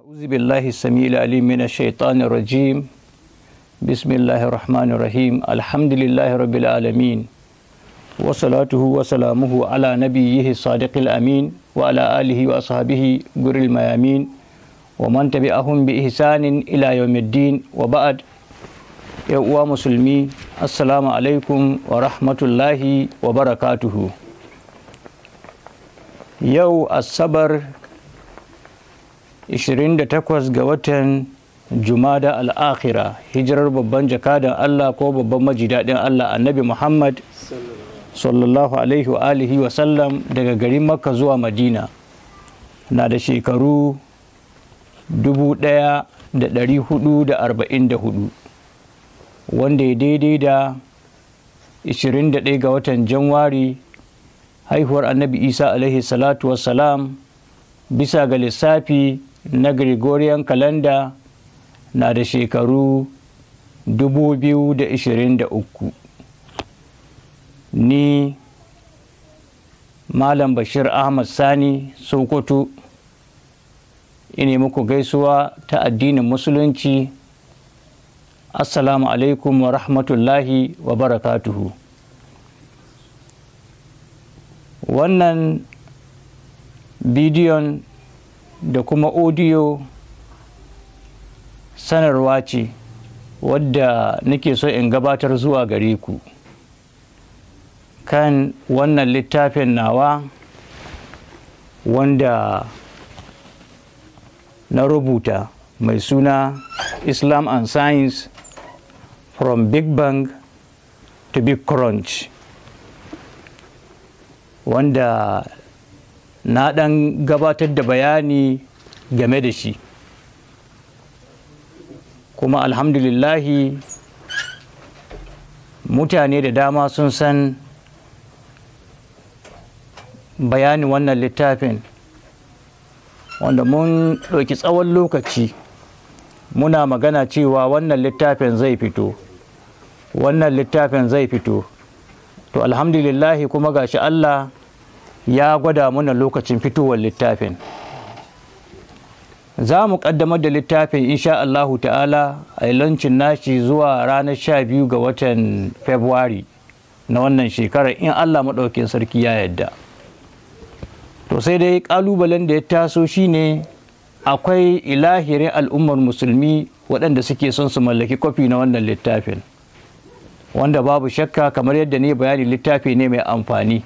أعوذ بالله السميع العليم من الشيطان الرجيم بسم الله الرحمن الرحيم الحمد لله رب العالمين وصلاته وسلامه على نبيه الصادق الأمين وعلى آله وأصحابه غر الميامين ومن تبعهم بإحسان إلى يوم الدين وبعد يا مسلمي السلام عليكم ورحمة الله وبركاته يو الصبر 28 ga watan jumada al'akhira hijirar babban jakadan Allah ko babban maji majidadin Allah annabi Muhammad sallallahu alaihi wa wa sallam daga garin makka zuwa madina na da shekaru 1444 wanda ya daidai da 21 ga watan janwari haihuwar annabi isa alaihi salatu wassalam bisa ga lissafi na gregorian calendar na da shekaru 2023 ni malam bashir ahmad sani sokoto ina muku gaisuwa ta addinin musulunci assalamu alaikum wa rahmatullahi wa barakatuhu wannan bidiyon da kuma audio sanarwa ce wadda nake so in gabatar zuwa gare ku kan wannan littafin nawa wanda na rubuta mai suna islam and science from big bang to big crunch wanda na dan gabatar da bayani game da shi kuma alhamdulillahi mutane da dama sun san bayani wannan littafin wanda mun ɗauki tsawon lokaci muna magana cewa wannan littafin zai fito wannan littafin zai fito to alhamdulillahi kuma gashi Allah ya gwada mana lokacin fitowar littafin za mu kaddamar da littafin insha Allahu ta'ala a lancin nashi zuwa ranar sha biyu ga watan february na wannan shekarar in Allah maɗaukin sarki ya yadda to sai dai ƙalubalen da ya taso shine akwai ilahirin al'ummar musulmi waɗanda suke son su mallaki kwafi na wannan littafin wanda babu shakka kamar yadda ne bayani littafi ne mai amfani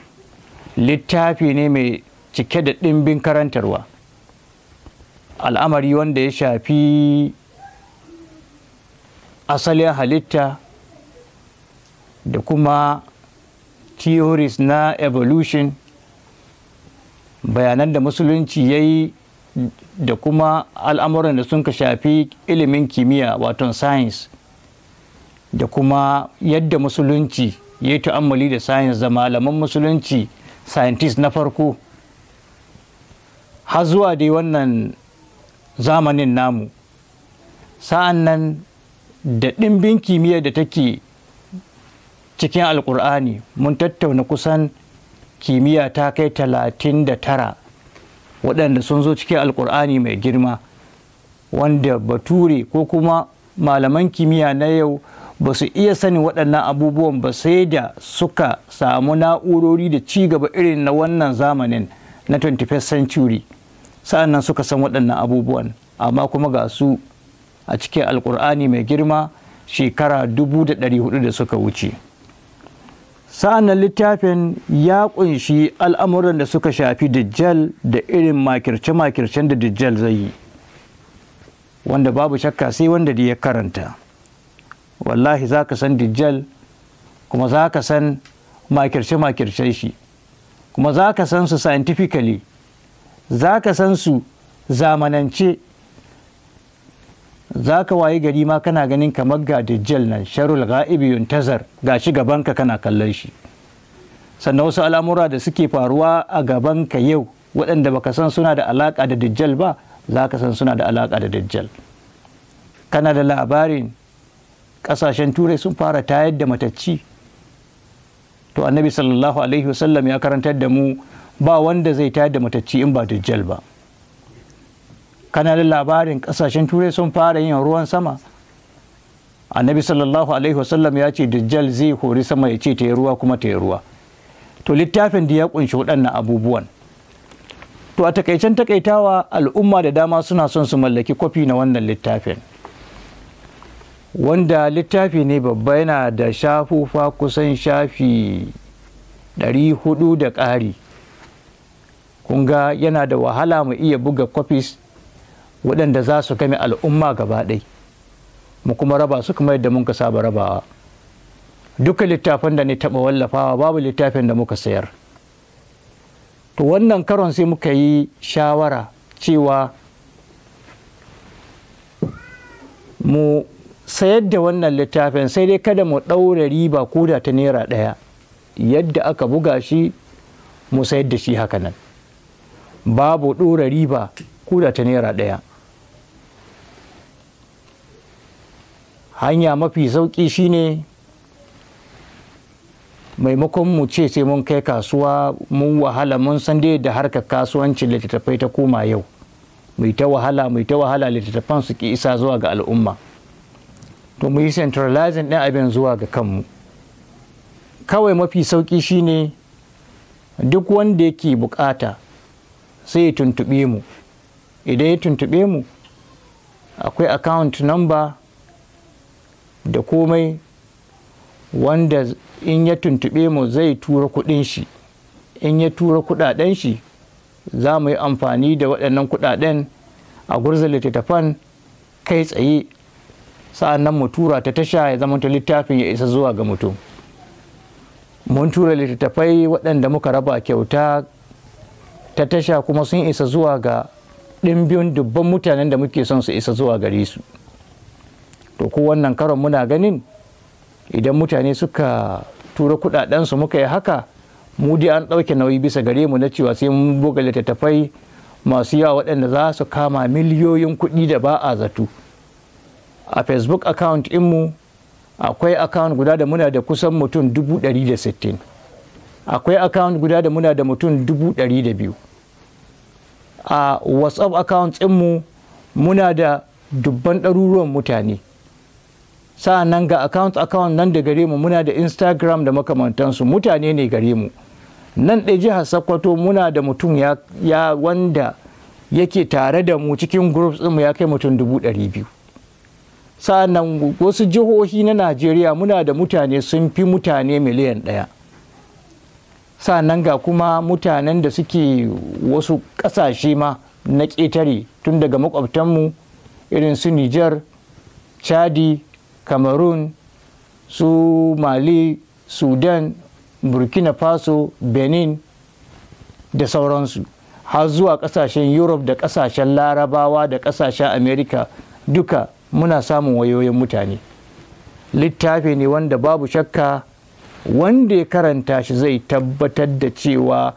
littafi ne mai cike da ɗimbin karantarwa al'amari wanda ya shafi asalin halitta da kuma theories na evolution bayanan da musulunci ya yi da kuma al'amuran da sun ka shafi ilimin kimiyya waton science da kuma yadda musulunci ya yi ta'ammali da science da malaman musulunci scientist na farko har zuwa dai wannan zamanin namu sa'an nan da ɗimbin kimiyyar da take cikin alkur'ani mun tattauna kusan kimiyya ta kai talatin da tara waɗanda sun zo cikin alkur'ani mai girma wanda bature ko kuma malaman kimiyya na yau ba su iya sani waɗannan abubuwan ba sai da suka samu na'urori da ci gaba irin na wannan zamanin na 21st century sa'annan suka san waɗannan abubuwan amma kuma ga su a cikin alkur'ani mai girma shekara 1400 da suka wuce sa'annan littafin ya ƙunshi al'amuran da suka shafi dajjal da irin makirce-makircen da dajjal zai yi wanda babu shakka sai wanda da ya karanta wallahi za ka san dijjal kuma za ka san makirce-makirce shi kuma za ka san su scientifically za ka san su zamanance za ka waye gari ma kana ganin kamar ga dijjal nan sharul ga'ibi yuntazar ga shi gabanka kana kallon shi sannan wasu al'amura da suke faruwa a gabanka yau waɗanda baka san suna da alaƙa da dijjal ba za ka san suna da alaƙa da dijjal kana da labarin ƙasashen turai sun fara tayar da matacci to annabi sallallahu alaihi wasallam ya karantar da mu ba wanda zai tayar da matacci in ba dajjal ba kana da labarin ƙasashen turai sun fara yin ruwan sama annabi sallallahu alaihi wasallam ya ce dajjal zai hori sama ya ce ta yi ruwa kuma ta ruwa to littafin da ya kunshi waɗannan abubuwan to a takaicen takaitawa al'umma da dama suna son su mallaki kwafi na wannan littafin wanda littafi ne babba yana da shafufa kusan shafi 400 da ƙari kunga yana da wahala mu iya buga kwafis waɗanda za su kame al'umma gaba ɗai mu kuma raba su kuma yadda muka saba rabawa duka littafin da ne taɓa wallafawa babu littafin da muka sayar to wannan karon sai muka yi shawara cewa mu sayar da wannan littafin sai dai kada mu ɗaura riba ko da ta naira ɗaya yadda aka buga shi mu sayar da shi haka nan babu ɗora riba ko da ta naira ɗaya hanya mafi sauƙi shine maimakon mu ce sai mun kai kasuwa mun wahala mun san dai da harkar kasuwancin littattafai ta koma yau mai ta wahala mai ta wahala littattafan su ki isa zuwa ga al'umma to mu yi centralizing ɗin abin zuwa ga kanmu kawai mafi sauƙi shine duk wanda yake bukata sai ya tuntuɓe mu idan ya tuntuɓe mu akwai account number da komai wanda in ya tuntuɓe mu zai tura kuɗin shi in ya tura kuɗaɗen shi za mu yi amfani da waɗannan kuɗaɗen a gurzar littattafan kai tsaye sa'an nan mu tura ta tasha ya zama ta littafin ya isa zuwa ga mutum mun tura littattafai waɗanda muka raba kyauta ta tasha kuma sun isa zuwa ga ɗimbin dubban mutanen da muke son su isa zuwa gare su to ko wannan karon muna ganin idan mutane suka tura kudadensu muka yi haka mu dai an ɗauke nauyi bisa gare mu na cewa sai mun buga littattafai masu yawa waɗanda za su kama miliyoyin kuɗi da ba a zato. a facebook account inmu akwai account guda da muna da kusan mutum 160 akwai account guda da muna da mutum 200 a whatsapp account inmu muna da dubban ɗaruruwan mutane nan ga account account nan da gare mu muna da instagram da makamantansu mutane ne gare mu nan ɗaya jihar sokoto muna da mutum ya, wanda yake tare da mu cikin groups ɗinmu ya kai mutum dubu ɗari biyu sa'annan wasu jihohi na najeriya muna da mutane sun fi mutane miliyan ɗaya sa'annan ga kuma mutanen da suke wasu ƙasashe ma na ƙetare tun daga makwabtanmu irin su niger chadi cameroon su mali sudan burkina faso benin da sauransu har zuwa kasashen europe da kasashen larabawa da kasashen america duka muna samun wayoyin mutane littafi ne wanda babu shakka wanda ya karanta shi zai tabbatar da cewa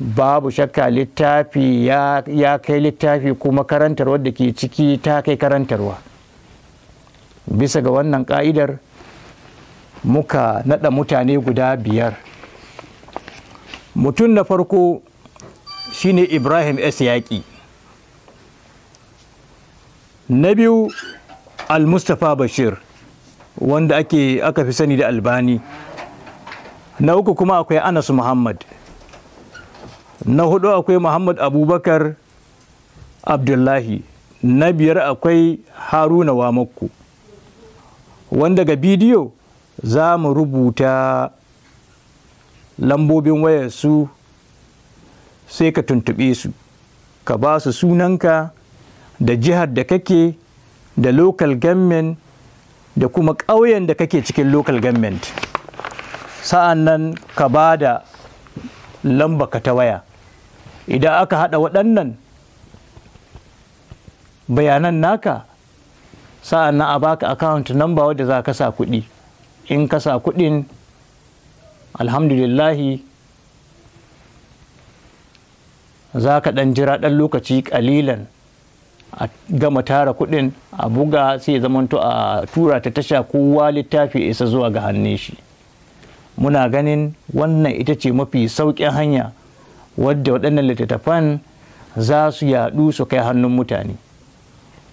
babu shakka littafi ya kai littafi kuma karantarwa da ke ciki ta kai karantarwa bisa ga wannan ka'idar muka nada mutane guda biyar mutum na farko shine ibrahim s yaƙi na biyu al-mustapha bashir wanda ake aka fi sani da albani na uku kuma akwai anas muhammad na hudu akwai muhammad abubakar abdullahi na biyar akwai haruna wamakku wanda ga bidiyo za mu rubuta lambobin wayarsu sai ka tuntuɓe su ka ba su sunanka da jihar da kake da local government da kuma ƙauyen da kake cikin local government sa'an nan ka ba da lamba ka ta waya idan aka haɗa waɗannan bayanan naka sa'an nan a baka account number wadda za ka sa kuɗi in ka sa kuɗin alhamdulillahi za ka ɗan jira ɗan lokaci ƙalilan a gama tara kuɗin a buga sai ya zamanto a tura ta tasha kowa littafi isa zuwa ga hannun shi muna ganin wannan ita ce mafi sauƙin hanya wadda waɗannan littattafan za su yaɗu su kai hannun mutane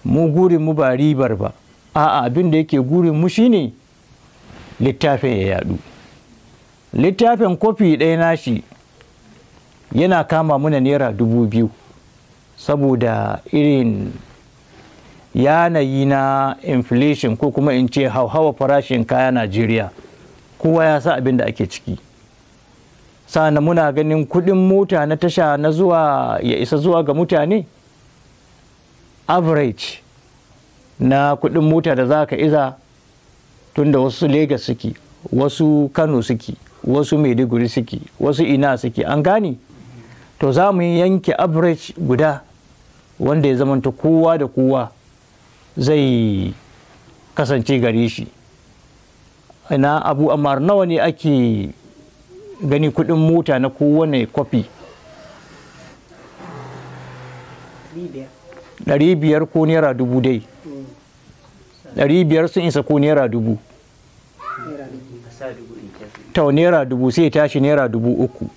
mu gurin mu ba ribar ba a'a abin da yake gurin mu shine littafin ya yaɗu littafin kofi ɗaya nashi yana kama muna naira dubu biyu saboda irin yanayi na inflation ko kuma in ce hauhawa farashin kaya najeriya kowa ya sa abin da ake ciki sa'an muna ganin kudin mota na tasha na zuwa ya isa zuwa ga mutane average na kudin mota da za ka iza tunda wasu Legas suke wasu kano suke wasu maiduguri suke wasu ina suke an gane to za mu yanke average guda wanda ya zamanta kowa da kowa zai kasance gare shi Ina abu amar nawa ne ake gani kudin mota na kowane kwafi 500 ko naira dubu dai 500 sun isa ko naira dubu ta naira dubu sai tashi naira dubu uku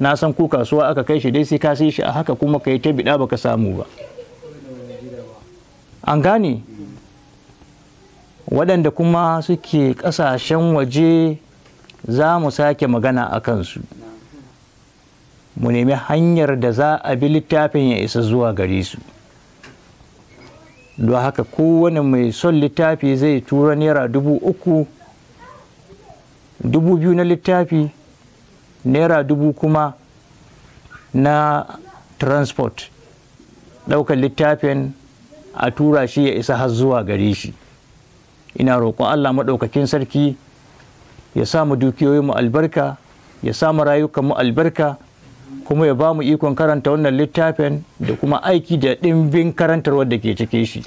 na san ku kasuwa aka kai shi dai sai ka sai shi a haka kuma ka yi ta biɗa baka samu ba an gane waɗanda kuma suke ƙasashen waje za mu sake magana a kansu mu nemi hanyar da za a bi littafin ya isa zuwa gare su don haka kowane mai son littafi zai tura naira dubu uku dubu biyu na littafi naira dubu kuma na transport ɗaukar littafin a tura shi ya isa har zuwa gare shi ina roƙon allah maɗaukakin sarki ya samu mu albarka ya samu mu albarka kuma ya ba mu ikon karanta wannan littafin da kuma aiki da ɗimbin karantarwar da ke cike shi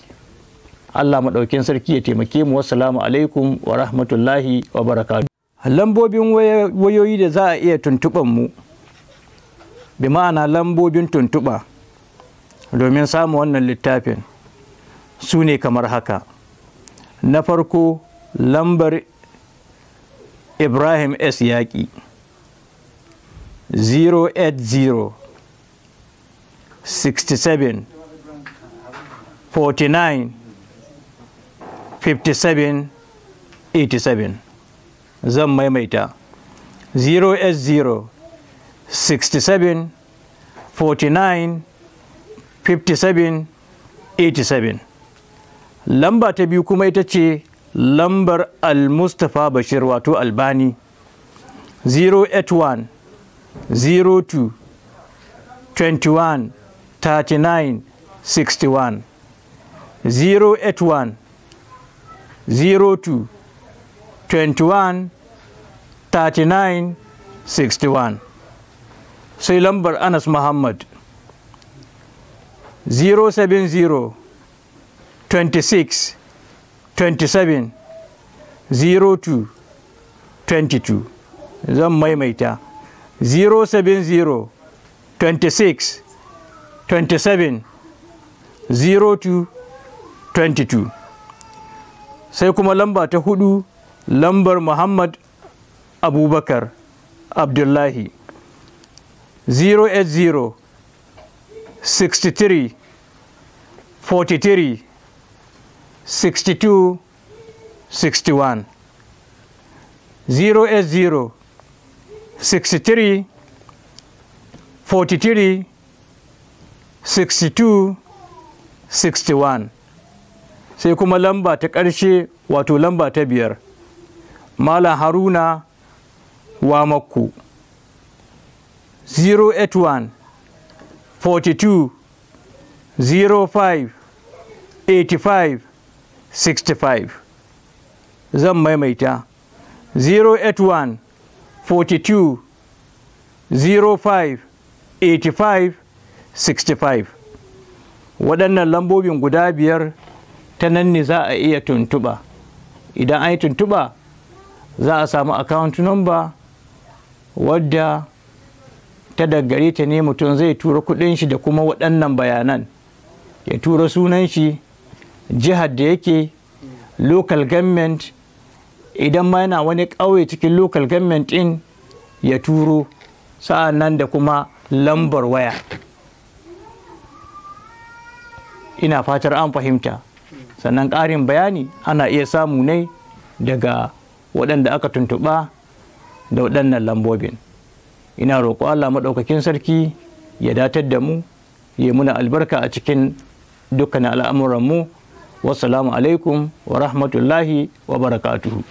allah maɗaukin sarki ya taimake mu wasu alaikum wa rahmatullahi wa barakatu lambobin wayoyi da za a iya tuntuɓan mu bi ma'ana lambobin tuntuɓa domin samun wannan littafin su ne kamar haka na farko lambar ibrahim s yaƙi 080 67 49 57 87 zan maimaita 0s0 67 49 57 87 lamba ta biyu kuma ita ce lambar al-mustapha bashir wato albani 081 02 21 39 61 081 02 21 39 61 sai lambar anas muhammad 070 26 27 02 22 zan maimaita 070 26 27 02 22 sai kuma lamba ta hudu lambar muhammad abubakar abdullahi 080 63 43 62 61 080 63 43 62 61 sai kuma lamba ta ƙarshe wato lamba ta biyar malam haruna wa makku 081 42 05 85 65 zan maimaita 081 42 05 85 65 waɗannan lambobin guda biyar ta nan ne za a iya tuntuɓa idan an yi tuntuɓa za a samu account number wadda ta daggare ta ne mutum zai tura kudin shi da kuma waɗannan bayanan ya tura sunan shi jihar da yake local government idan ma yana wani ƙauye cikin local government din ya turo sa'an nan da kuma lambar waya ina fatar an fahimta sannan ƙarin bayani ana iya samu ne daga waɗanda aka tuntuɓa da waɗannan lambobin ina roƙo Allah maɗaukakin sarki ya datar da mu ya muna albarka a cikin dukkan al'amuranmu wassalamu alaikum wa rahmatullahi wa barakatuhu